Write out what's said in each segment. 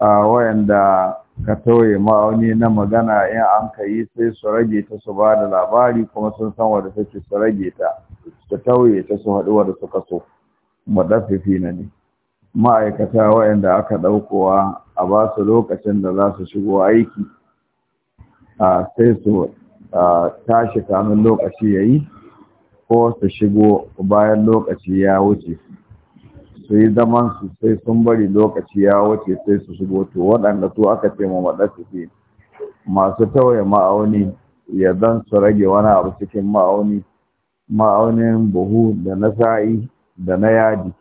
a wayanda ka tauye ma'auni na magana in an ka yi sai su rage ta su ba da labari kuma sun san wadda take su rage ta su tauye ta su haɗu wadda suka so madafifi na ne ma'aikata wayanda aka ɗaukowa a ba su lokacin da za su shigo aiki a sai su tashi kamun lokaci ya yi ko su shigo bayan lokaci ya wuce su yi zaman su sai sun bari lokaci ya wuce sai su shigo to waɗanda su aka ce ma maɗa ke masu tauye ma'auni ya zan su rage wani abu cikin ma'auni ma'aunin buhu da na sa'i da na yadi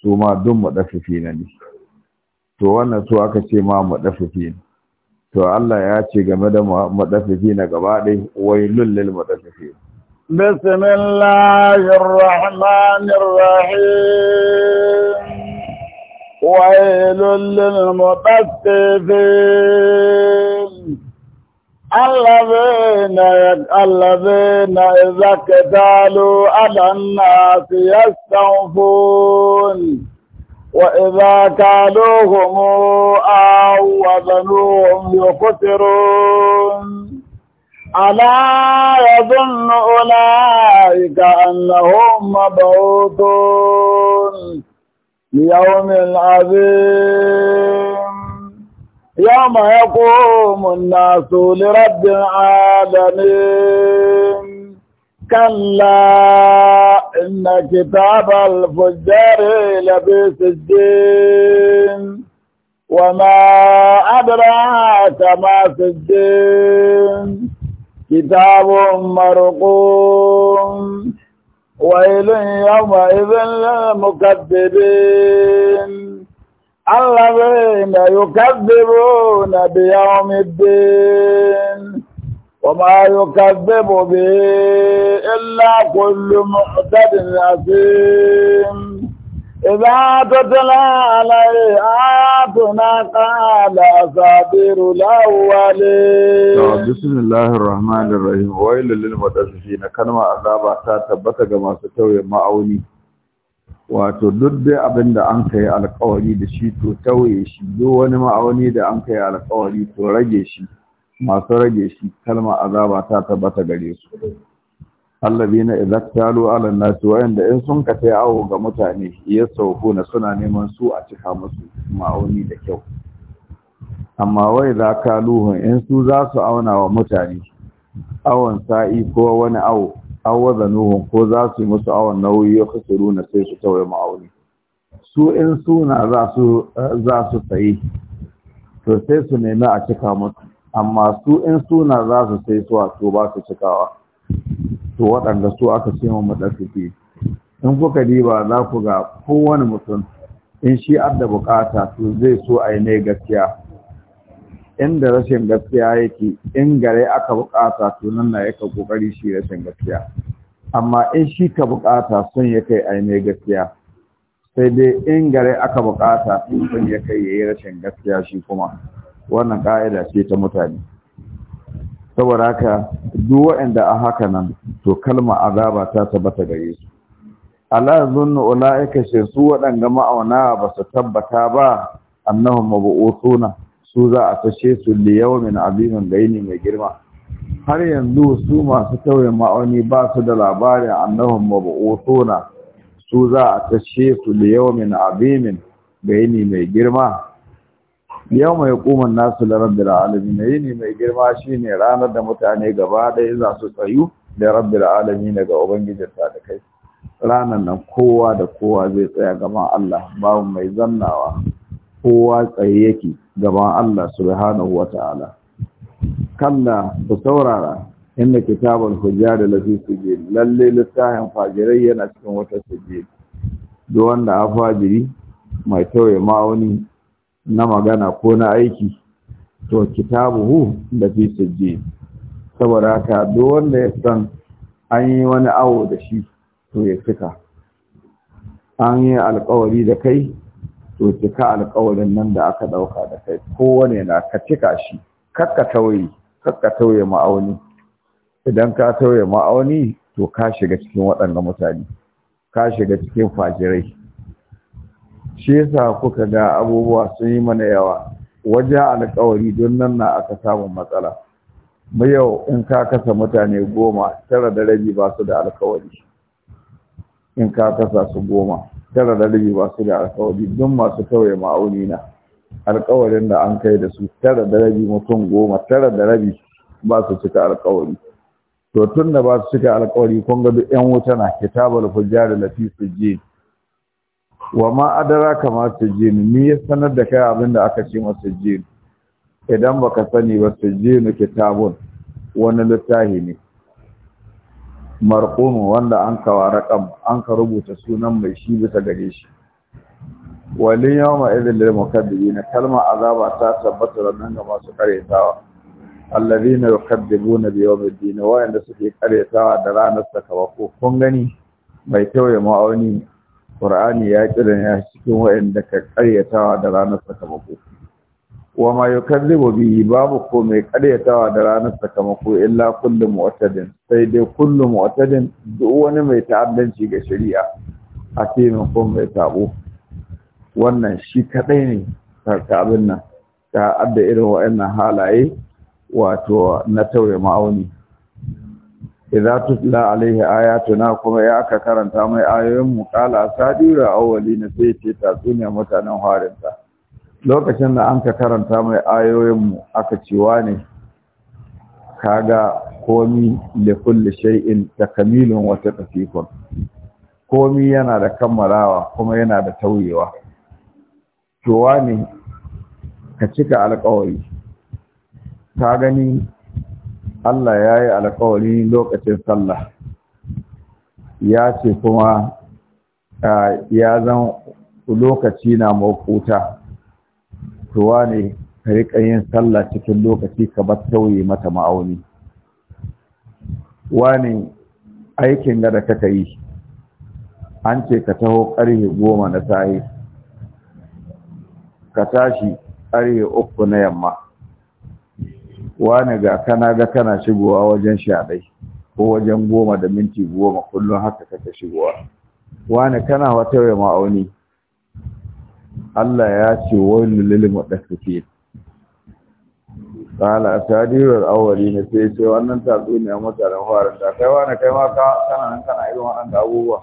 su ma duk maɗafifi na ne to wannan su aka ce ma maɗafifi to Allah ya ce game da maɗafifi na gaba ɗaya wai lullul maɗafifi بسم الله الرحمن الرحيم ويل للمطففين الذين الذين إذا اكتالوا على الناس يستوفون وإذا كالوهم أو آه، وزنوهم يخسرون ألا يظن أولئك أنهم مبعوثون ليوم العظيم يوم يقوم الناس لرب العالمين كلا إن كتاب الفجار لفي سجين وما أدراك ما سجين كتاب مرقوم ويل يومئذ للمكذبين الذين يكذبون بيوم الدين وما يكذب به إلا كل معتد أثيم إذا تتلى عليه آياتنا قال أساطير الأولين بسم الله الرحمن الرحيم ويل للمتأسفين كلمة عذاب تثبت كما ستوي ma'auni. wato duk dai abin da an kai alkawari da shi to tauye shi duk wani ma'auni da an kai alkawari to rage shi masu rage shi kalma azaba ta tabbata gare su allabi na talu ala wa wa'anda in sun ka ta awo ga mutane ya na suna neman su a cika musu ma'auni da kyau amma wai za ka luhun in su za su auna wa mutane awon sa'i ko wani awo an nuhun ko za su yi musu awon nauyi ya kusuru na sai su tawaye ma'auni su in suna za su sayi to sai su nemi a cika musu amma su in suna za su sai su wato ba su cikawa to waɗanda su aka ce mu maɗafifi in kuka diba za ku ga kowane mutum in shi adda bukata to zai so a yi mai gaskiya inda rashin gaskiya yake in gare aka bukata to nan na yaka kokari shi rashin gaskiya amma in shi ka bukata sun ya kai a yi mai gaskiya sai dai in gare aka bukata sun ya kai ya yi rashin gaskiya shi kuma wannan ka'ida ce ta mutane saboda haka duk waɗanda a haka nan to kalma azaba ta tabbata gare su ala zunnu ulaika shi su waɗanda ma'auna ba su tabbata ba annahum mabu'utuna su za a tashe su li yawmin azimin gaini mai girma har yanzu su masu tauye ma'auni ba su da labarin annahum mabu'utuna su za a tashe su li yawmin azimin gaini mai girma yau mai hukumar nasu na yi ne mai girma shine ranar da mutane gaba ɗaya za su tsayu da rabbil na ga ubangijin ta da kai ranar nan kowa da kowa zai tsaya gaban Allah babu mai zannawa kowa tsaye yake gaban Allah subhanahu ta'ala kalla ku saurara inda kitabul hujjar lafi sujil lalle littafin fajirai yana cikin wata sujil duk wanda afajiri mai tauye ma'auni na magana ko na aiki to kitabuhu da fi sujjin saboda ka duk wanda ya san an yi wani awo da shi to ya cika an yi alkawari da kai to cika alkawarin nan da aka dauka da kai kowane na ka cika shi kakka tauye kakka tauye ma'auni idan ka tauye ma'auni to ka shiga cikin waɗannan mutane ka shiga cikin fajirai shi yasa kuka ga abubuwa sun yi mana yawa waje alƙawari don nan na aka samu matsala mu yau in ka kasa mutane goma tara da rabi ba su da alƙawari in ka kasa su goma tara da rabi ba su da alƙawari don masu kawai ma'auni na alƙawarin da an kai da su tara da rabi mutum goma tara da rabi ba su cika alƙawari to tun da ba su cika alƙawari kun ga duk 'yan wuta na kitabul fujjar lafi je wa ma adara kama sujjinu ni ya sanar da kai abinda aka ce masa sujjinu idan baka sani ba sujjinu kitabun wani littafi ne marqum wanda an kawa raqam an ka rubuta sunan mai shi bisa gare shi walin yawma idhil lil mukaddibin kalma azaba ta tabbata nan ga masu karetawa alladhina yukaddibuna bi yawmiddin wa inda suke karetawa da ranar ko kun gani mai tauye ma'auni qur'ani ya kira ne a cikin waɗanda ka karyatawa da ranar sakamako wa ma yukadzibu bihi babu ko mai karyatawa da ranar sakamako illa kullu mu'tadin sai dai kullum mu'tadin duk wani mai ta'addanci ga shari'a a taimakon mai tabo wannan shi kadai ne karka abin nan ta adda irin wa'annan halaye wato na tauye ma'auni idza tutla alaihi ayatuna kuma ya aka karanta mai ayoyin mu qala asadiru awwalina sai ce tatsuniya mutanen harinta lokacin da an ka karanta mai ayoyin mu aka ciwa ne kaga komi da kulli shay'in takamilun wa tatfiqun komi yana da kammalawa, kuma yana da tauyewa ciwa ne ka cika alƙawari ta gani Allah ya yi alkawari lokacin sallah ya ce kuma ya zan lokaci na mafuta tuwa ne ka riƙa yin sallah cikin lokaci ka bar tauye mata ma'auni wani aikin da kaka yi an ce ka taho ƙarfe goma na sahi ka tashi ƙarfe uku na yamma wani ga kana ga kana shigowa wajen shaɗai ko wajen goma da minti goma kullum haka kake shigowa wani kana wata wai ma'auni Allah ya ce wani lullu muɗaɗɗafi ƙala a tarirar awali na sai sai wannan tatsu ne a mutanen farin da kai wani kai ma kana nan kana irin da abubuwa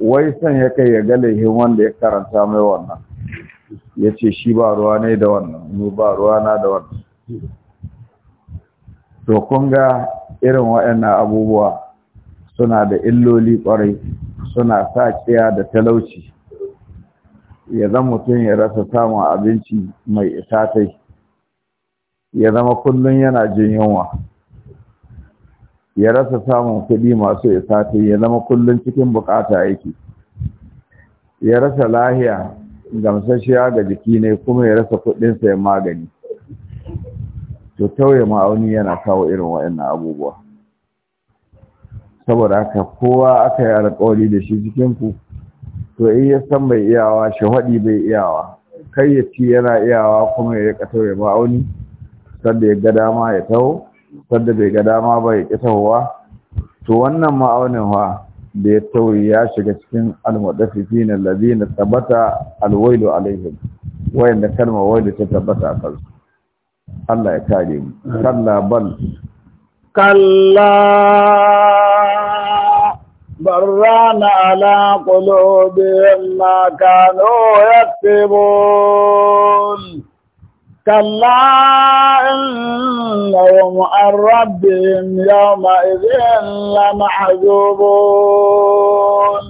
wai son ya kai ya gale laihin wanda ya karanta mai wannan ya ce shi ba ruwa ne da wannan ni ba ruwa na da wannan to kun ga irin waɗannan abubuwa suna da illoli ƙwarai suna sa kiya da talauci ya zama mutum ya rasa samun abinci mai isatai ya zama kullum yana jin yunwa ya rasa samun kuɗi masu isatai ya zama kullum cikin buƙata yake ya rasa lahiya gamsashiya ga jiki ne kuma ya rasa kuɗinsa ya magani to tauye ma'auni yana kawo irin wa'annan abubuwa saboda haka kowa aka yi alƙawari da shi cikinku to in ya san bai iyawa shahadi bai iyawa kai ya ci yana iyawa kuma ya rika tauye ma'auni sanda ya ga dama ya taho sanda bai ga dama ba ya ƙi to wannan ma'aunin wa da ya tauri ya shiga cikin almudaffifin alladhina tabata alwailu alaihim wayanda kalmar wailu ta tabbata a kansu الله يكاليم كلا بل كلا بران على قلوبهم ما كانوا يكتبون كلا إنهم عن ربهم يومئذ لمحجوبون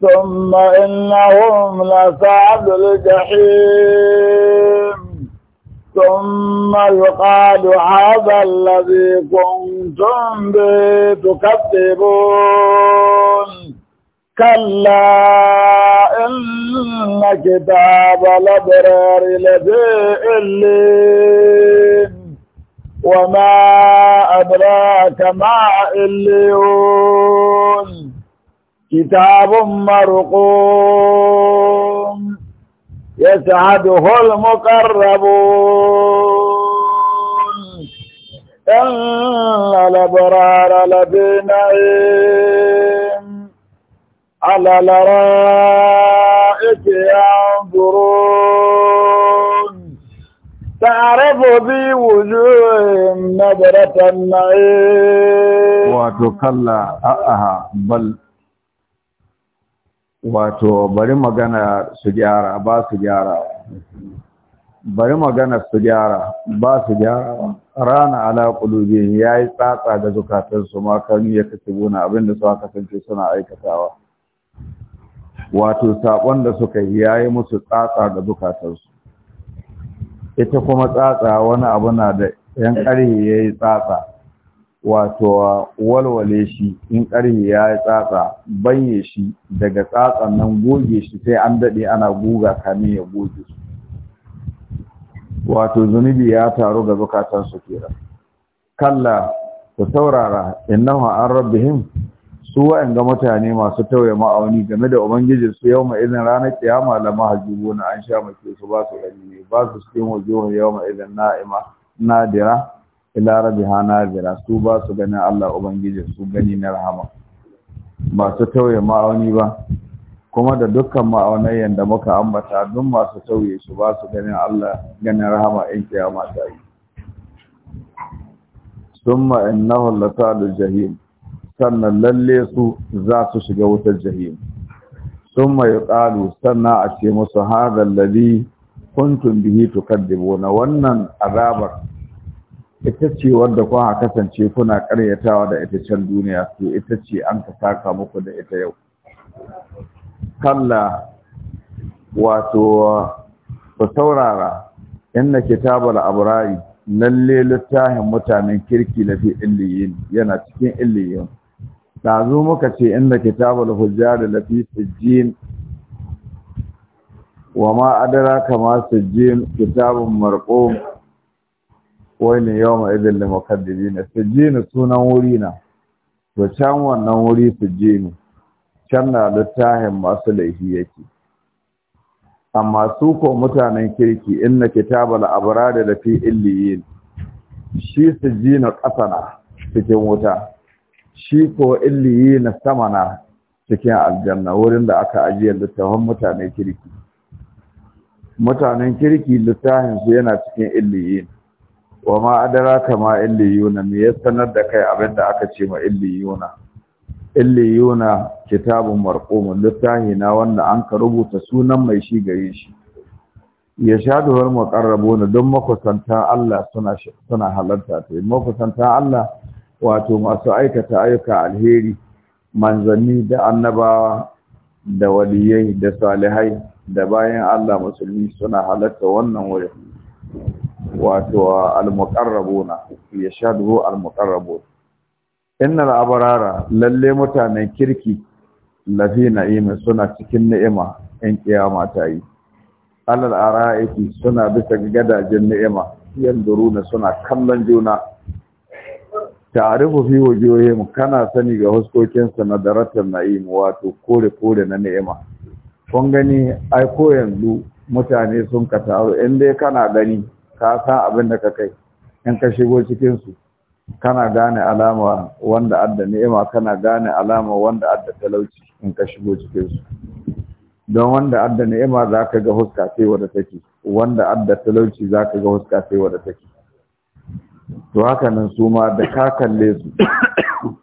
ثم إنهم لسعد الجحيم ثم يقال هذا الذي كنتم به تكذبون كلا إن كتاب الأبرار لفي إلين وما أدراك ما إليون كتاب مرقوم يسعده المقربون إن الأبرار لفي نعيم على الأرائك ينظرون تعرف في وجوههم نظرة النعيم وتكلى أها بل wato bari magana su gyara ba su gyara bari magana su gyara ba su gyara rana ala ya yayi tsatsa ga zukatansu ma kan ya buna abinda su aka kasance suna aikatawa wato sakon da suka yi ya yi musu tsatsa ga zukatansu ita kuma tsatsa wani abu na da yan ya yi tsatsa wato walwale shi in ƙarfe ya yi tsatsa banye shi daga tsatsan nan goge shi sai an daɗe ana guga kame ya goge su wato zunubi ya taru ga su kenan kalla ku saurara innahu an rabbihim su wa'anga mutane masu tauye ma'auni game da ubangijin su yau ma'izin ranar kiyama la mahajjubu na an sha mace su ba su ba su cikin wajen yau ma'izin na'ima nadira ila hana nazira su ba su ganin Allah ubangiji su gani na rahama ba su tauye ma'auni ba kuma da dukkan ma'aunai da muka ambata duk masu tauye su ba su ganin Allah ganin rahama in kiyama ta yi summa innahu latalul jahim sannan lalle su za su shiga wutar jahim summa yuqalu sannan a ce musu hadha alladhi kuntum bihi tukadibuna wannan azabar ita ce wadda kuka kasance kuna karyatawa da ita can duniya to ita ce an ka saka muku da ita yau kalla wato ku saurara inna kitabul abrari lalle littafin mutanen kirki na fi illiyin yana cikin illiyin dazu muka ce inna kitabul hujjar la fi sijjin wa ma adraka ma sijjin kitabun marqum da yawma idin su ji ni sunan wuri na to can wannan wuri ni can na littafin masu laifi yake amma su ko mutanen kirki inna kitabal abrada da lafi illiyin shi su sijjin ƙasana cikin wuta shi ko sama na cikin aljanna wurin da aka ajiye littafin mutanen kirki mutanen kirki littafin yana cikin illiyin wa ma adraka ma illiyuna me ya sanar da kai abinda aka ce ma illiyuna illiyuna kitabun marqumun littafi na wanda an ka rubuta sunan mai shi gare shi ya shadu wal muqarrabuna don makusanta Allah suna suna halarta ta makusanta Allah wato masu aikata ayyuka alheri manzanni da annabawa da waliyai da salihai da bayan Allah musulmi suna halarta wannan wurin wato al-muqarrabuna yashhaduhu al-muqarrabun innal abrara lalle mutanen kirki lafi na'ima suna cikin ni'ima in kiyama ta yi alal ara'iki suna bisa gadajen ni'ima yanduruna suna kallon juna ta'arifu fi wujuhihim kana sani ga huskokin sa na daratar na'im wato kore kore na ni'ima kun gani ai ko yanzu mutane sun ka taru in dai kana gani ka san abin da ka kai in ka shigo cikin su kana gane alama wanda adda ni'ima kana gane alama wanda adda talauci in ka shigo cikin su don wanda adda ni'ima za ka ga huska sai wanda take wanda adda talauci za ka ga huska sai wanda take to haka nan su ma da ka kalle su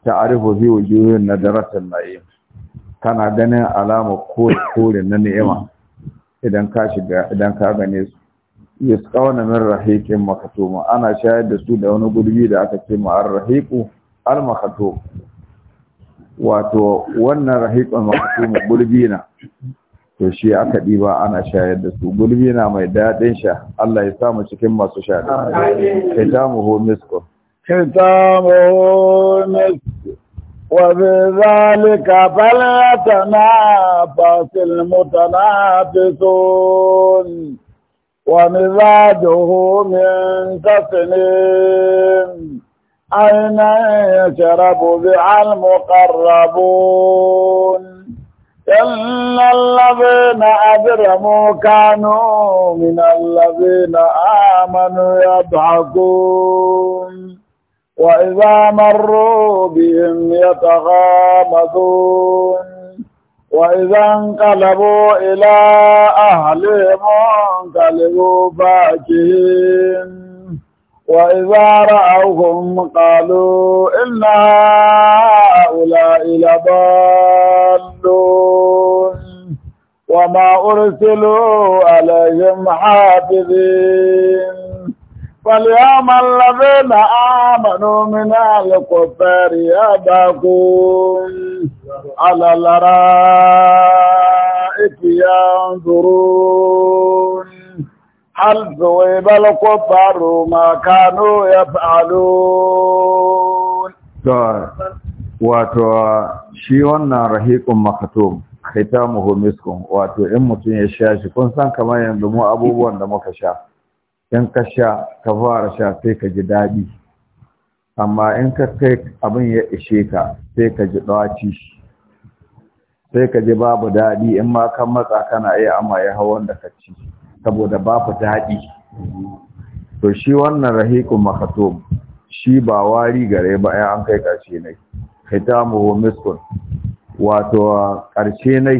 ta'arifu fi wujuhin nadratul na'im kana ganin alama kore kore na ni'ima idan ka shiga idan ka gane su yasqawna min rahiqin makhtum ana shayar da su da wani gurbi da aka ce ma ar-rahiqu al makhtum wato wannan rahiqul makhtum gurbi na to shi aka diba ana shayar da su gulbi na mai daɗin sha Allah ya samu cikin masu sha da kitamu hu misko kitamu hu misko wa bi zalika falyatana fasil mutanafisun ومزاجه من تسليم أين يشرب بها المقربون إن الذين أجرموا كانوا من الذين آمنوا يضحكون وإذا مروا بهم يتغامزون وإذا انقلبوا إلى أهلهم انقلبوا فاكهين وإذا رأوهم قالوا إن هؤلاء لضالون وما أرسلوا عليهم حافظين فاليوم الذين آمنوا من الكفار يبكون على الأرائك ينظرون هل ذوب الكفار ما كانوا يفعلون wato shi wannan rahiqun makatum khitamuhu wato in mutum ya sha shi kun san kamar yanzu mu abubuwan da muka sha in ka sha ka fara sha sai ka ji daɗi amma in ka kai abin ya ishe ka sai ka ji ɗaci sai ka ji babu daɗi in ma kan matsa kana iya amma ya hau wanda ka ci saboda babu daɗi to shi wannan rahiku makato shi ba wari gare ba ya an kai karshe ne khitamuhu miskun wato ƙarshe ne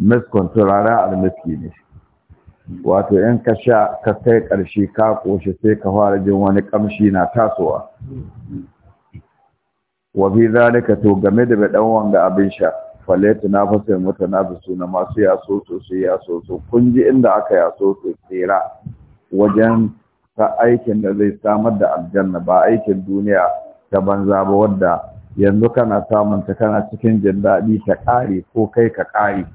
miskun turara almiski ne wato 'yan ka sha ka kai ƙarshe ka ƙoshi sai ka fara jin wani ƙamshi na tasowa wafi zalika to game da baɗan wanga abin sha falaita na fasir mutu na bisu na masu yaso so su yaso so kun ji inda aka yaso so tsira wajen ta aikin da zai samar da aljanna ba aikin duniya ta banza ba wadda yanzu kana samun ta kana cikin jin daɗi ta ƙare ko kai ka ƙare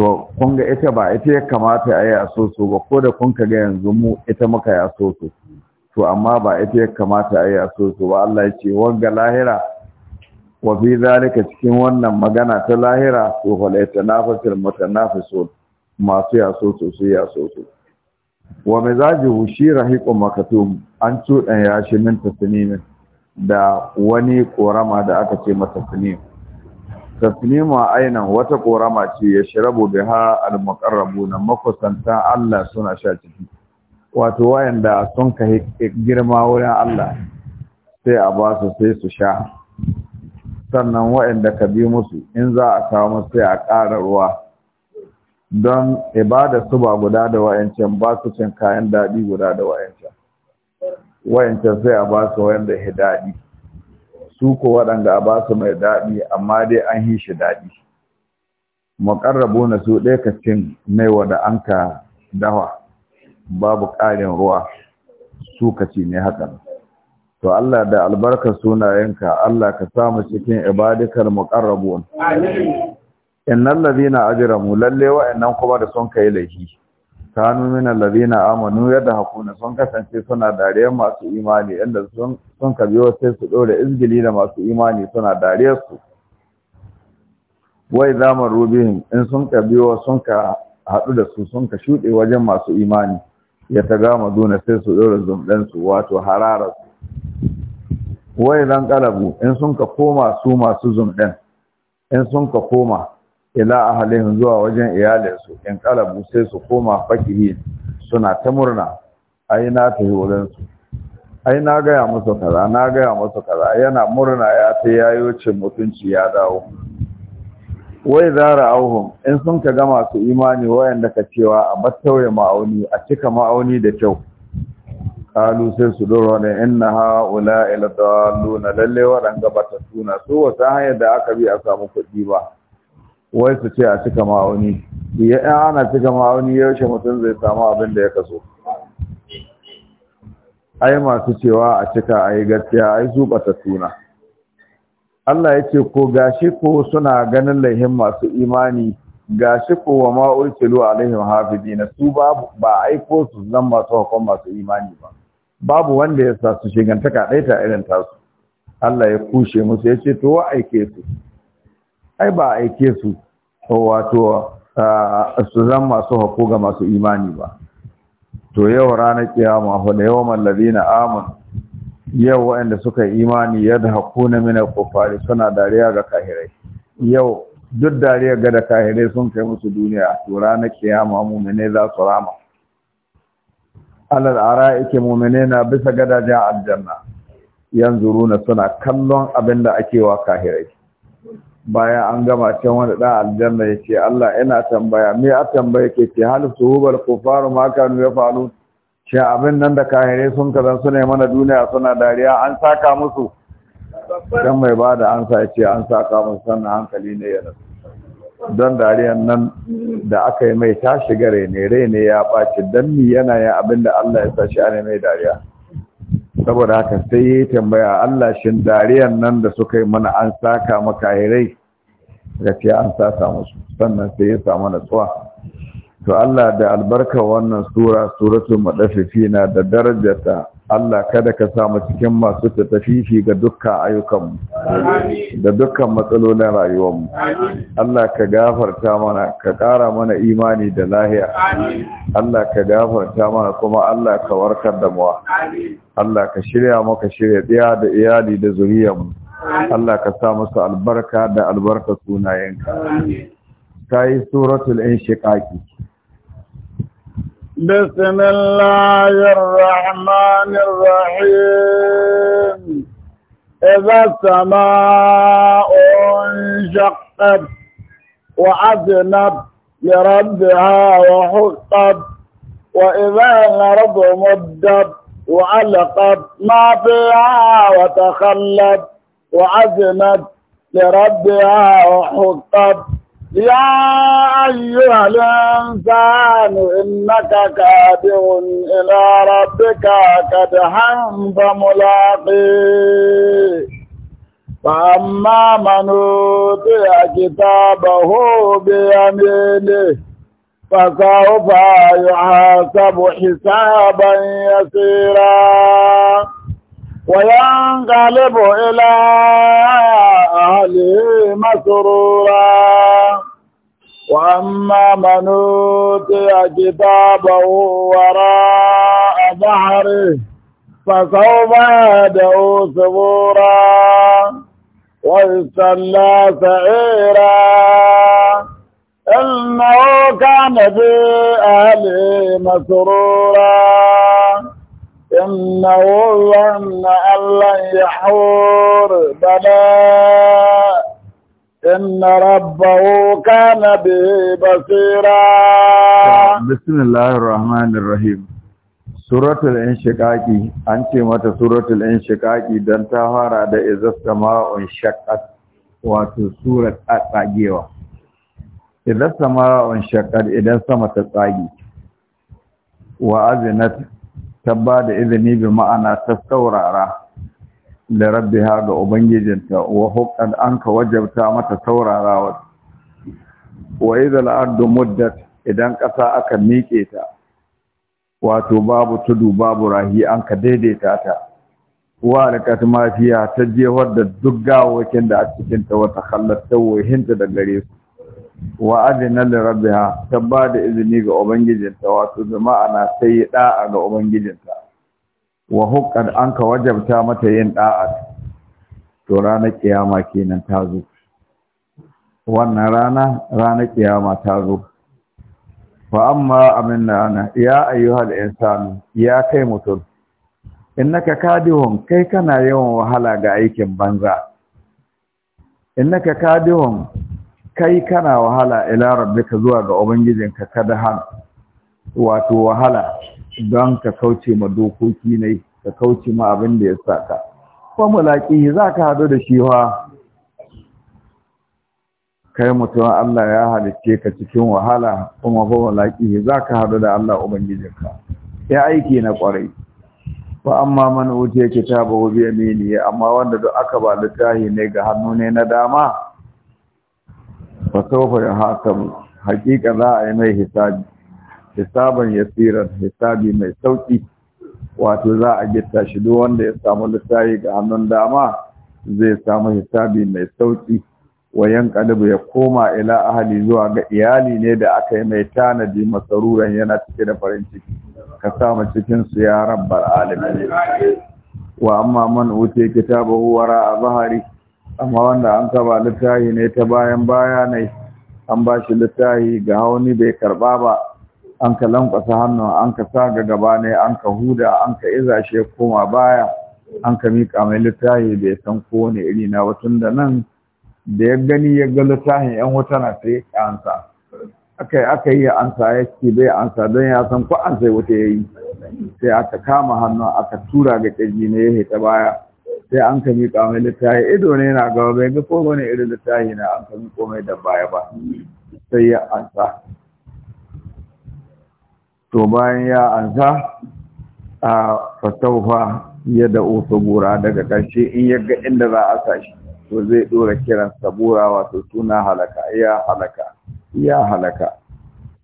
to kun ga ita ba ita ya kamata a yi a soso ba ko da kun ga yanzu mu ita muka ya soso to amma ba ita ya kamata a yi a soso ba Allah ya ce wanga lahira wa fi zalika cikin wannan magana ta lahira to falaita nafasil mutanafisun masu ya soso su ya soso wa mizajuhu shi rahiqun makatum an ya shi min tasnimin da wani ƙorama da aka ce masa tasnimin taslimu ainan wata korama ce ya shirabu biha al na makusanta Allah suna sha ciki wato wayanda sun ka girma wurin Allah sai a ba su sai su sha sannan wayanda ka bi musu in za a kawo musu sai a ƙara ruwa don ibada su ba guda da wayancan ba su cin kayan daɗi guda da wayancan wayancan sai a ba su wayanda hidadi daɗi su ko waɗanda ba su mai daɗi amma dai an yi shi daɗi muƙarrabu na su ɗaya ka cin maiwa da an ka dawa babu ƙarin ruwa su ka ci ne hakan to Allah da albarkar sunayenka Allah ka samu cikin ibadikal muqarrabun amin innal ladina ajramu lalle wa'annan kuma da son kai laifi kanu min alladhina amanu yadhakuna sun kasance suna dariya masu imani inda sun sun kabiyo sai su dore izgili da masu imani suna dariya su wai zaman rubin, in sun kabiyo sun ka hadu da su sun ka shuɗe wajen masu imani ya ta gama duna sai su dore zumdan su wato hararar su wai zan ƙalabu in sun ka koma su masu zumdan in sun ka koma ila ahalihim zuwa wajen iyalinsu in kalabu sai su koma fakihi suna ta murna ai na ta yi wurinsu ai na gaya musu kaza na gaya musu kaza yana murna ya ta yayo ce mutunci ya dawo wai zara auhum in sun ka ga masu imani wayanda ka cewa a battauye ma'auni a cika ma'auni da kyau kalu sai su dora ne inna ula ila dalluna lalle waɗanda batattu na su wasu hanyar da aka bi a samu kuɗi ba wai su ce a cika ma'auni Biya ɗan ana cika ma'auni yaushe mutum zai samu abin da ya kaso ai masu cewa a cika a yi gaskiya ai su ɓata suna Allah ya ce ko gashi ko suna ganin laihin masu imani gashi ko wa ma'urkilu alaihim hafidina su ba ba aiko su zan masu hakon masu imani ba babu wanda ya sa su shigantaka ɗaya ta irin tasu Allah ya kushe musu ya ce to wa aike su ai ba aike su wato su zan masu hako ga masu imani ba to yau ranar kiyama fa da yawan na amin yau waɗanda suka imani yadda na mina kufari suna dariya ga kahirai yau duk dariya ga da kahirai sun kai musu duniya to ranar kiyama mumine za su rama alal yake mumine na bisa gadajen aljanna yanzu runa suna kallon abinda da ake wa kahirai bayan an gama can wani ɗan aljanna ya ce Allah yana tambaya me a tambaya ke ce hali su hubar kufaru ma kanu ya faru shi abin nan da kahire sun kazan su ne mana duniya suna dariya an saka musu dan mai ba da ansa ya ce an saka musu san hankali ne ya don dariyan nan da aka yi mai ta shiga rai ne ya ɓaci don mi yana yin abin da Allah ya sa shi ne mai dariya saboda haka sai ya tambaya Allah shin dariyan nan da suka yi mana an saka makahirai gaskiya an saka musu sannan sai ya samu natsuwa to Allah da albarka wannan sura suratul madaffifina da darajarta Allah kada ka samu cikin masu tafifi ga dukkan ayyukanmu da dukkan matsalolin rayuwarmu Allah ka gafarta mana ka ƙara mana imani da lahiya Allah ka gafarta mana kuma Allah ka warkar da mu Allah ka shirya maka shirya tsaya da iyali da zuriyarmu Allah ka sa musu albarka da albarka sunayenka ta yi suratul inshiqaqi بسم الله الرحمن الرحيم إذا السماء انشقت وأذنت لربها وحقت وإذا الأرض مدت وعلقت ما فيها وتخلت وأذنت لربها وحقت يا أيها الإنسان إنك كادر إلى ربك كدحا فملاقيه فأما من أوتي كتابه بيمينه فسوف يحاسب حسابا يسيرا وينقلب إلى أهله مسرورا وأما من أوتي كتابه وراء ظهره فسوف يدعو ثبورا ويسلى سعيرا إنه كان في أهله مسرورا إنه Allah ya لن يحور بلى إن ربه كان به بصيرا بسم الله suratul inshiqaqi an ce mata suratul inshiqaqi dan ta fara da izas sama'un shaqqat wato surat tsagewa idan sama'un shaqqat idan sama ta tsage wa azinat tabba da izini bi ma'ana ta saurara da ha ga ubangijinta wa an ka wajabta mata saurarawa wa idal ardu muddat idan ƙasa aka mike ta wato babu tudu babu rahi an ka daidaita ta wa alqat mafiya ta jewar da duk gawakin da a cikin ta wata khallat tawahinta da gare su wa adina li rabbiha ta da izini ga ubangijinta wato da ma'ana sai yi da'a ga ubangijinta wa huqqad an ka wajabta mata yin da'a to ranar kiyama kenan ta zo wannan rana ranar kiyama ta zo fa amma aminna ana ya al-insan ya kai mutum innaka kadihun kai kana yawan wahala ga aikin banza innaka kadihun kai kana wahala ila zuwa ga ubangijinka kada hal wato wahala don ka kauce ma dokoki ne ka kauce ma abin da ya saka fa mulaki ka hado da shi wa kai mutum Allah ya halicce ka cikin wahala kuma fa mulaki ka hado da Allah ubangijinka ya aiki na kwarai Ba amma man utiya kitabahu bi amma wanda duk aka ba littafi ne ga hannu ne na dama fa sawfa yahakamu haqiqa za a yi mai hisabi hisaban tsira hisabi mai sauki wato za a gitta shi duk wanda ya samu lissafi ga hannun dama zai samu hisabi mai sauki wayan kadabu ya koma ila ahali zuwa ga iyali ne da aka yi mai tanadi masaruran yana cike da farin ciki ka samu cikin su ya rabbar alamin wa amma man wuce kitabahu wara a zahari amma wanda an kaba littahi ne ta bayan baya ne an ba shi littahi ga hauni bai karba ba an ka lankwasa hannu an ka sa ga gaba ne an ka huda an ka iza shi koma baya an ka miƙa mai littahi bai san kowane iri na wasu da nan da ya gani ya ga littahin yan wuta na sai ya ansa aka yi aka yi ansa ya ce bai ansa don ya san ko an sai wuta ya yi sai aka kama hannu aka tura ga ƙirji ne ya hita baya sai an ka miƙa mai littafi ido ne na gaba bai ga ne irin littafi na an ka da baya ba sai ya ansa to bayan ya ansa a fataufa ya da sabura daga ƙarshe in ya ga inda za a sa shi to zai ɗora kiran sabura wato suna halaka ya halaka ya halaka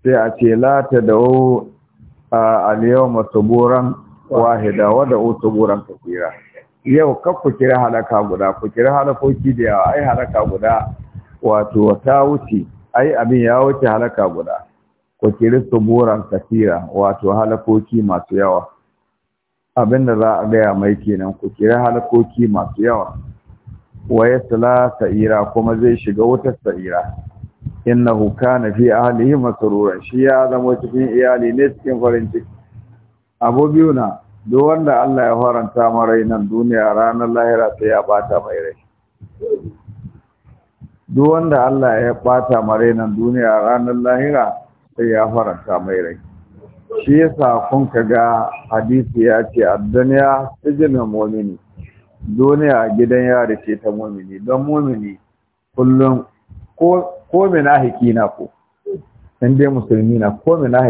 sai a ce la ta dawo a aliyawma saburan wahida wa da saburan kafira yau kaf ku kira halaka guda ku kira halakoki da yawa ai halaka guda wato ta wuce ai abin ya wuce halaka guda ku kira suburan kasira wato halakoki masu yawa abin da za a gaya mai kenan ku kira halakoki masu yawa wa sala sa'ira kuma zai shiga wutar sa'ira innahu kana fi ahlihi masruran shi ya zama cikin iyali ne cikin farin ciki abu na duk wanda Allah ya faranta marai nan duniya ranar lahira sai ya bata mai rai duk wanda Allah ya bata marai nan duniya ranar lahira sai ya faranta mai rai shi yasa kun kaga hadisi ya ce a duniya sijinin mu'mini duniya gidan yari ce ta mu'mini don mu'mini kullum ko ko na na ko in dai musulmi na ko me na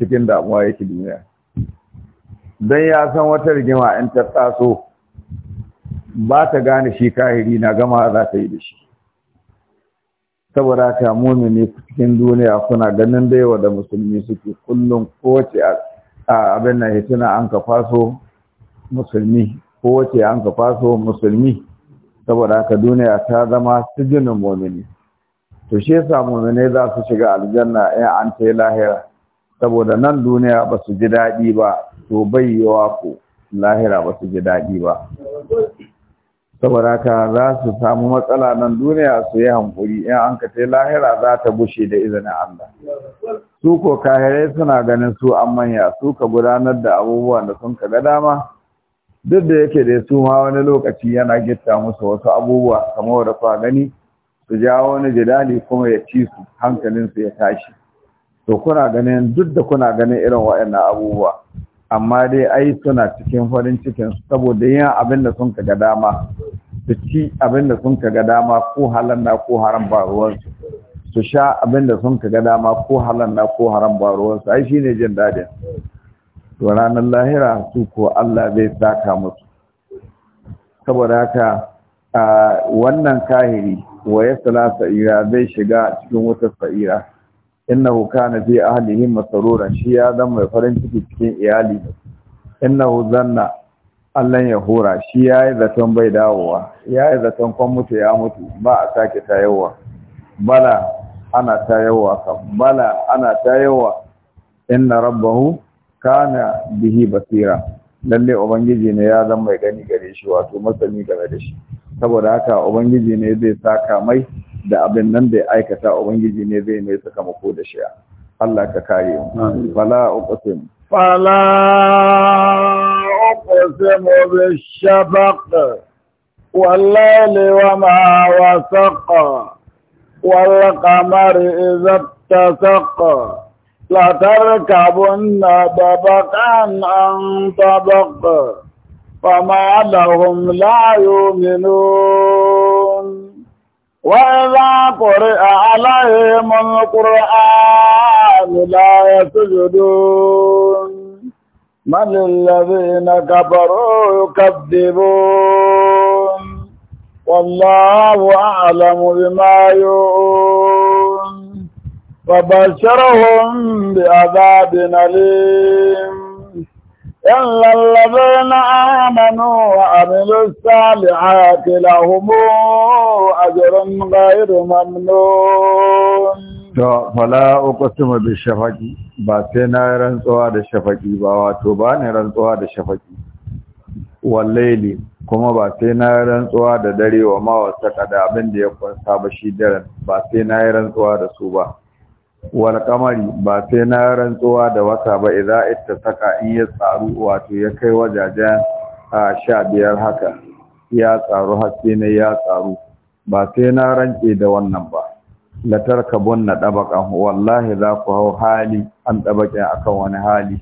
cikin damuwa yake duniya don ya san wata rigima in ta taso ba ta gane shi kahiri na gama za ta yi da shi saboda ka mumini cikin duniya kuna ganin da yawa da musulmi suke kullum kowace abin na hituna an ka faso musulmi kowace an ka faso musulmi saboda ka duniya ta zama sujinin mumini to shi yasa mumini za su shiga aljanna in an ta lahira saboda nan duniya ba su ji daɗi ba to bai yawa ku lahira ba su ji daɗi ba saboda ka za su samu matsala nan duniya su yi hankuri in an ka lahira za ta bushe da izinin Allah su ko kahirai suna ganin su an manya su ka gudanar da abubuwan da sun ka ga dama duk da yake da su ma wani lokaci yana gitta musu wasu abubuwa kamar da kwa gani su jawo wani jidali kuma ya ci su hankalinsu ya tashi to kuna ganin duk da kuna ganin irin waɗannan abubuwa amma dai ai suna cikin farin cikin saboda yin abin da sun kaga dama su ci abin da sun kaga dama ko halanna ko haram ba ruwansu su sha abin da sun kaga dama ko halanna ko haram ba su ai shine jin dadin to ranar lahira su ko Allah zai saka musu saboda haka wannan kahiri wa ya salasa ira zai shiga cikin wata sa'ira innahu kana fi ahlihi masruran shi ya zan mai farin ciki cikin iyali ne innahu zanna Allah ya hura shi yayi zaton bai dawowa yayi zaton kwan mutu ya mutu ba a sake tayawa bala ana tayowa kam bala ana tayawa inna rabbahu kana bihi basira lalle ubangiji ne ya zan mai gani gare shi wato masani game da shi saboda haka ubangiji ne zai saka mai da abin nan da ya aikata ubangiji ne zai mai sakamako da shi Allah ka kare mu fala uqsim fala uqsim bi shafaq wallahi wa ma wasaq wal qamari idza tasaq la tarkabunna babakan an tabaq فما لهم لا يؤمنون وإذا قرئ عليهم القرآن لا يسجدون من الذين كفروا يكذبون والله أعلم بما يؤون فبشرهم بعذاب أليم إلا الذين آمنوا وعملوا الصالحات لهم أجر غير ممنون فلا أقسم بالشفق باتنا رنطوا هذا الشفق واتوبان رنطوا هذا الشفق والليل كما باتنا sai هذا دري وما da dare wa mawasa درن باتنا da هذا kwansa wal ba sai na rantsuwa da wata ba idza saka in ya tsaru wato ya kai wajajen a sha biyar haka ya tsaru haske ne ya tsaru ba sai na rance da wannan ba la tarkabun na ɗabaƙan wallahi za ku hau hali an ɗabaƙin akan wani hali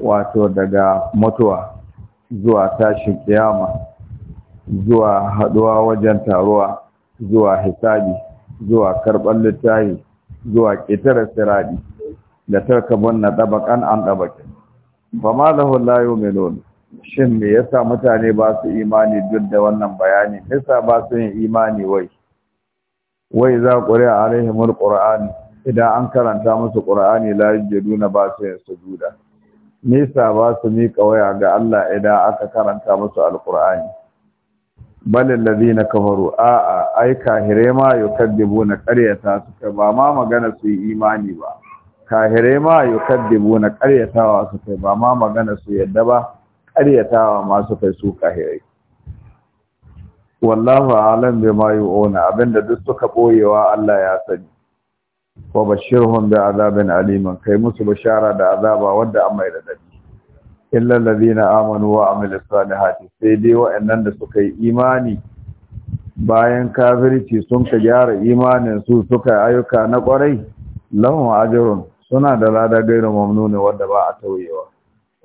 wato daga mutuwa zuwa tashin kiyama zuwa haɗuwa wajen taruwa zuwa hisabi zuwa karɓar littafi zuwa ƙetare sirari da tarkabon na ɗabaƙan an ɗabaƙin ba ma lahun layo melon shin me yasa mutane ba su imani duk da wannan bayani nisa ba su yin imani wai wai za ƙuri a alaihimul ƙura'ani idan an karanta musu ƙura'ani layin Nuna ba su yin sujuda nisa ba su miƙa waya ga Allah idan aka karanta musu alƙura'ani balin lazina kafaru a a ai kahire ma yukaddibu na karyata suka ba ma magana su yi imani ba kahire ma yukaddibu na karyatawa suka ba ma magana su yadda ba karyatawa ma suka su kahire wallahu alam bima yu'una abinda duk suka boyewa Allah ya sani wa bashirhum bi azabin aliman kai musu bashara da azaba wanda an da dadi illa ladina amanu wa amilus salihati sai dai waɗannan da suka yi imani bayan kafirci sun ka gyara imanin su suka ayyuka na kwarai lahum ajrun suna da lada gairu mamnuni wanda ba a tauyewa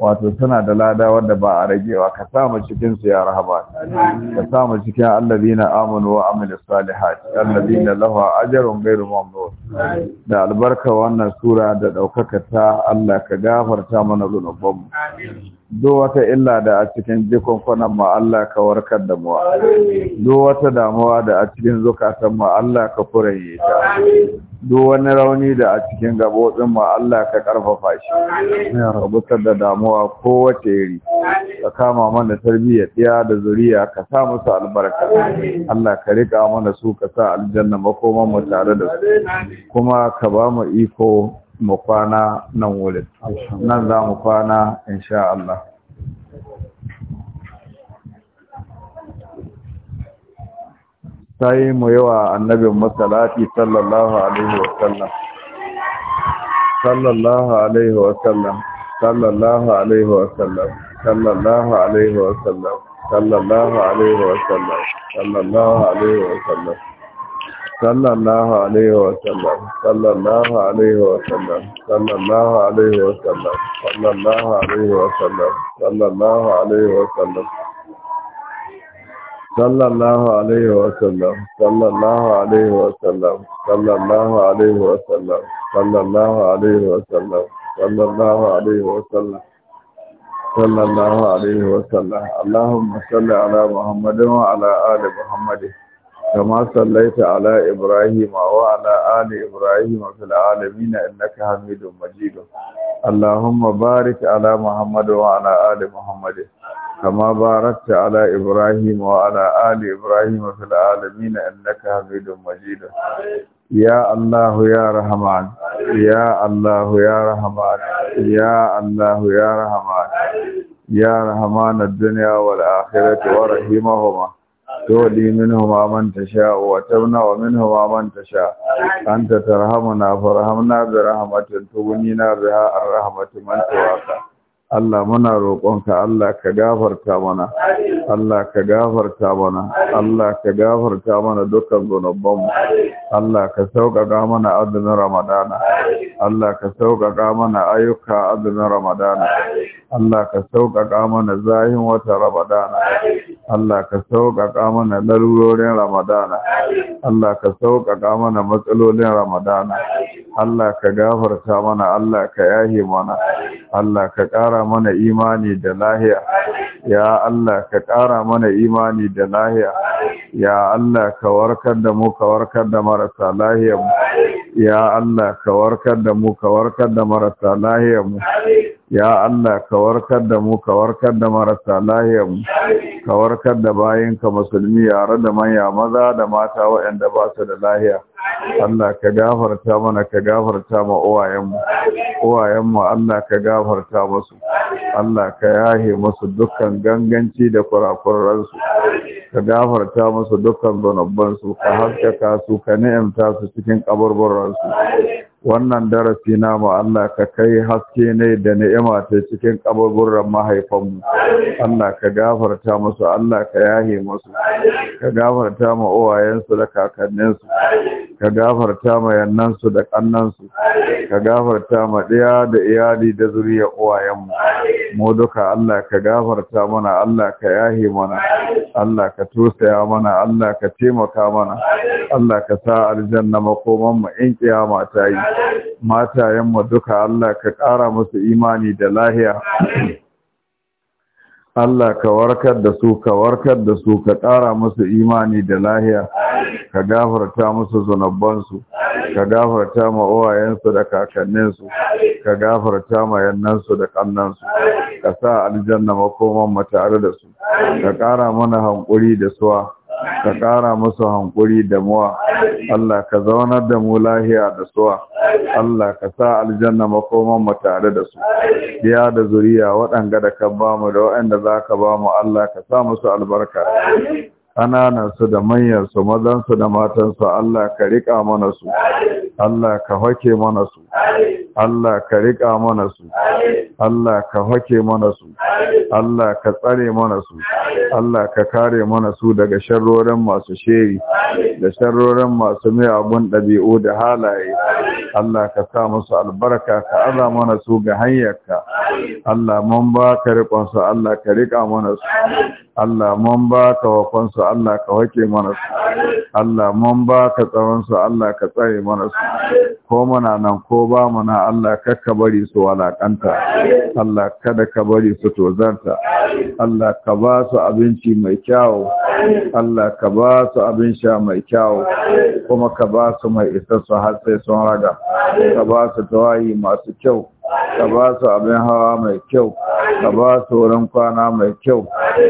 wato tana da lada wanda ba a ragewa ka samu cikin su ya rahaba ka samu cikin allazina amanu wa amilu Salihati, allazina lahu ajrun ghairu mamnun da albarka wannan sura da daukaka ta Allah ka gafarta mana zunubanmu amin duk wata illa da a cikin jikunkunan ma Allah ka warkar da mu duk wata damuwa da a cikin zukatan ma Allah ka yi ta duk wani rauni da a cikin gabobin ma Allah ka karfafa shi ya rabu da damuwa kowace iri ka kama mana tarbiyyar ɗiya da zuriya ka sa musu albarka Allah ka rika mana su ka sa aljanna makoman mu tare da su kuma ka ba mu iko mu kwana nan wurin nan za mu kwana insha Allah sai mu yawa annabin masalati sallallahu alaihi wa sallam sallallahu alaihi wa sallam sallallahu alaihi wa sallam sallallahu alaihi wa sallam sallallahu alaihi wa sallam sallallahu alaihi wa sallam sallallahu alaihi wa sallam sallallahu alaihi wa sallam sallallahu alaihi wa sallam sallallahu alaihi wa sallam sallallahu alaihi wa sallam sallallahu alaihi wa sallam sallallahu alaihi wa sallam sallallahu alaihi wa sallam sallallahu alaihi wa sallam sallallahu alaihi wa sallam sallallahu alaihi wa sallam allahumma salli ala muhammadin wa ala ali muhammadin كما صليت على إبراهيم وعلى آل إبراهيم في العالمين إنك حميد مجيد اللهم بارك على محمد وعلى آل محمد كما باركت على إبراهيم وعلى آل إبراهيم في العالمين إنك حميد مجيد يا الله يا رحمن يا الله يا رحمن يا الله يا رحمن يا رحمن الدنيا والآخرة ورحمهما تولي منهما من تشاء وتمنع منهما من تشاء أنت ترحمنا فرحمنا برحمة تغنينا بها الرحمة من تواقع Allah muna roƙonka Allah ka gafarta mana Allah ka gafarta mana Allah ka gafarta mana dukkan zunubanmu Allah ka sauƙaƙa mana azumin Ramadana Allah ka sauƙaƙa mana ayyuka azumin Ramadana Allah ka sauƙaƙa mana zahin wata Ramadana Allah ka sauƙaƙa mana larurorin Ramadana, Allah ka sauƙaƙa mana matsalolin Ramadana, Allah ka gafarta mana, Allah ka yahe mana, Allah ka ƙara mana imani da lahiya, ya Allah ka ƙara mana imani da lahiya, ya Allah ka warkar da mu ka warkar da marasa lahiyar mu. ya Allah ka warkar da mu ka warkar da marasa lahiyar mu ya Allah ka warkar da mu ka warkar da marasa lahiyar mu ka warkar da bayinka musulmi yare da manya maza da mata waɗanda ba su da lahiya Allah ka gafarta mana ka gafarta ma uwayenmu uwayenmu Allah ka gafarta musu Allah ka yahe musu dukkan ganganci da su ka gafarta musu dukkan zanubbansu ka haskaka su ka ni'imta su cikin su wannan darasi na ma Allah ka kai haske ne da ni'ima ta cikin kaburburan mahaifanmu Allah ka gafarta musu Allah ka yahe musu ka gafarta ma uwayensu da kakanninsu ka gafarta ma yannansu da kannansu ka gafarta ma ɗiya da iyali da zuriya uwayenmu mu duka Allah ka gafarta mana Allah ka yahe mana Allah ka tusaya mana Allah ka taimaka mana Allah ka sa aljanna makoman mu in kiyama ta yi mu duka Allah ka ƙara musu imani da lahiya Allah ka warkar da su ka warkar da su ka ƙara musu imani da lahiya ka gafarta musu su ka gafarta ma uwayensu da kakanninsu ka gafarta ma yannansu da su ka sa aljanna makoman mu tare da su ka ƙara mana hankuri da suwa ka ƙara musu hankuri da muwa Allah ka zaunar da mu lahiya da suwa Allah ka sa aljanna makoman mu tare da su ya da zuriya waɗanga da ka bamu da waɗanda za ka bamu Allah ka sa musu albarka ƙananansu da manyansu mazansu da matansu Allah ka riƙa mana su Allah ka hake mana su Allah ka riƙa mana su Allah ka hake mana su Allah ka tsare mana su Allah ka kare mana su daga sharorin masu sheri da sharorin masu mai abun ɗabi'u da halaye Allah ka sa musu albarka ka aza mana su ga hanyarka Allah mun ba ka riƙonsu Allah ka riƙa mana su Allah mun ba ka wakonsu Allah ka wake mana su Allah mun ba ka tsawon su Allah ka tsare mana su ko muna nan ko ba muna Allah kakka bari su walakanta Allah kada ka bari su tozanta Allah ka ba su abinci mai kyau. Allah ka ba su abin sha mai kyau. kuma ka ba su mai su har sai sun raga ka ba su tawayi masu kyau ka ba su abin hawa mai kyau ka ba su wurin kwana mai kyau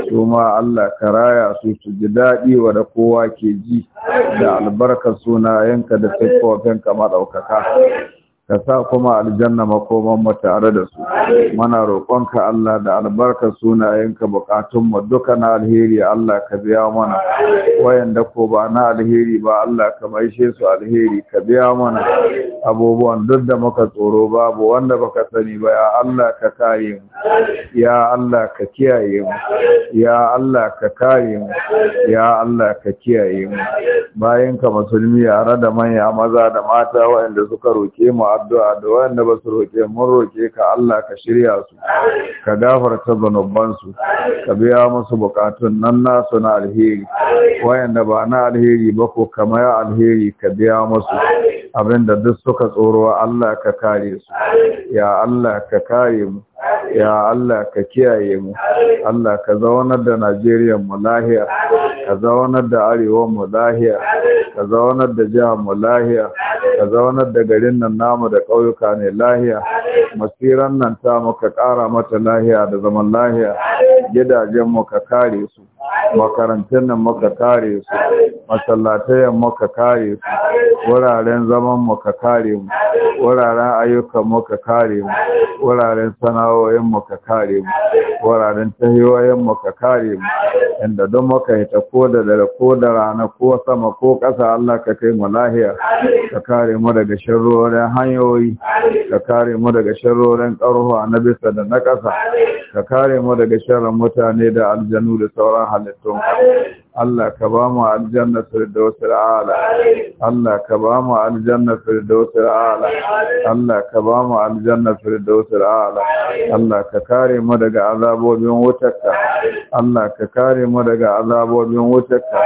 su ma Allah ka raya su su ji daɗi wa da kowa ke ji da albarkar sunayenka da siffofinka maɗaukaka ka sa kuma aljanna makoman mu tare da su muna roƙonka Allah da albarka sunayenka bukatun mu duka na alheri Allah ka biya mana wayanda ko ba na alheri ba Allah ka maishe su alheri ka biya mana abubuwan duk da muka tsoro babu wanda baka sani ba ya Allah ka kare mu ya Allah ka kiyaye mu ya Allah ka kare mu ya Allah ka kiyaye mu bayan ka musulmi yare da manya maza da mata wayanda suka roke mu addu'a da wayanda ba su roƙe mun roƙe ka Allah ka shirya su ka gafarta zanubban su ka biya musu buƙatun nan nasu na alheri wayanda ba na alheri ba ko kama ya alheri ka biya musu abinda duk suka tsoro Allah ka kare su ya Allah ka kare mu ya Allah ka kiyaye mu Allah ka zaunar da Najeriya mu lahiya ka zaunar da arewa mu lahiya ka zaunar da jihar mu lahiya ka zaunar da garin nan namu da ƙauyuka ne lahiya masiran nan ta muka ƙara mata lahiya da zaman lahiya gidajen mu ka kare su makarantar nan muka kare su masallatayen muka kare su wuraren zaman muka kare mu wuraren ayyukan muka kare mu wuraren sana'o'in muka kare mu wuraren tahiyoyin muka kare mu inda don muka yi ta ko da dare rana ko sama ko ƙasa Allah ka kai mu lahiya ka kare mu daga sharrorin hanyoyi ka kare mu daga sharrorin ƙarhuwa na bisa da na ƙasa ka kare mu daga sharrin mutane da aljanu da sauran halittun Allah ka ba mu aljanna firdausul a'la Allah ka ba mu aljanna firdausul a'la Allah ka ba mu aljanna firdausul a'la Allah ka kare mu daga azabobin wutarka Allah ka kare mu daga azabobin wutarka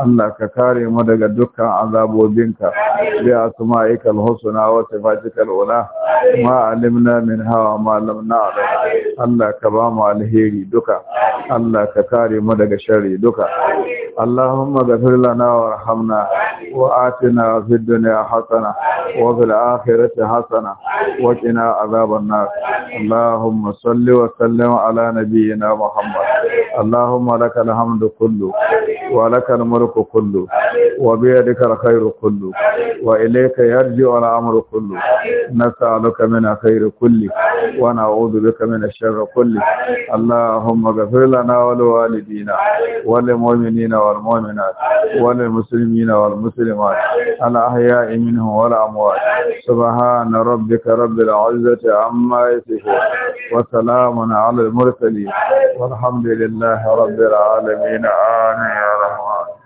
Allah ka kare mu daga dukkan azabobinka bi asma'ikal husna wa sifatikal ula ma alimna min hawa ma lam na'lam Allah ka ba mu alheri duka Allah ka kare mu daga sharri duka اللهم اغفر لنا وارحمنا وآتنا في الدنيا حسنة وفي الآخرة حسنة وقنا عذاب النار اللهم صل وسلم على نبينا محمد اللهم لك الحمد كله ولك الملك كله وبيدك الخير كله وإليك يرجع الأمر كله نسألك من خير كله ونعوذ بك من الشر كله اللهم اغفر لنا ولوالدينا وللمؤمنين والمؤمنين والمؤمنات وللمسلمين والمسلمات الأحياء منهم والأموات سبحان ربك رب العزة عما يصفون وسلام على المرسلين والحمد لله رب العالمين آمين يا رحمن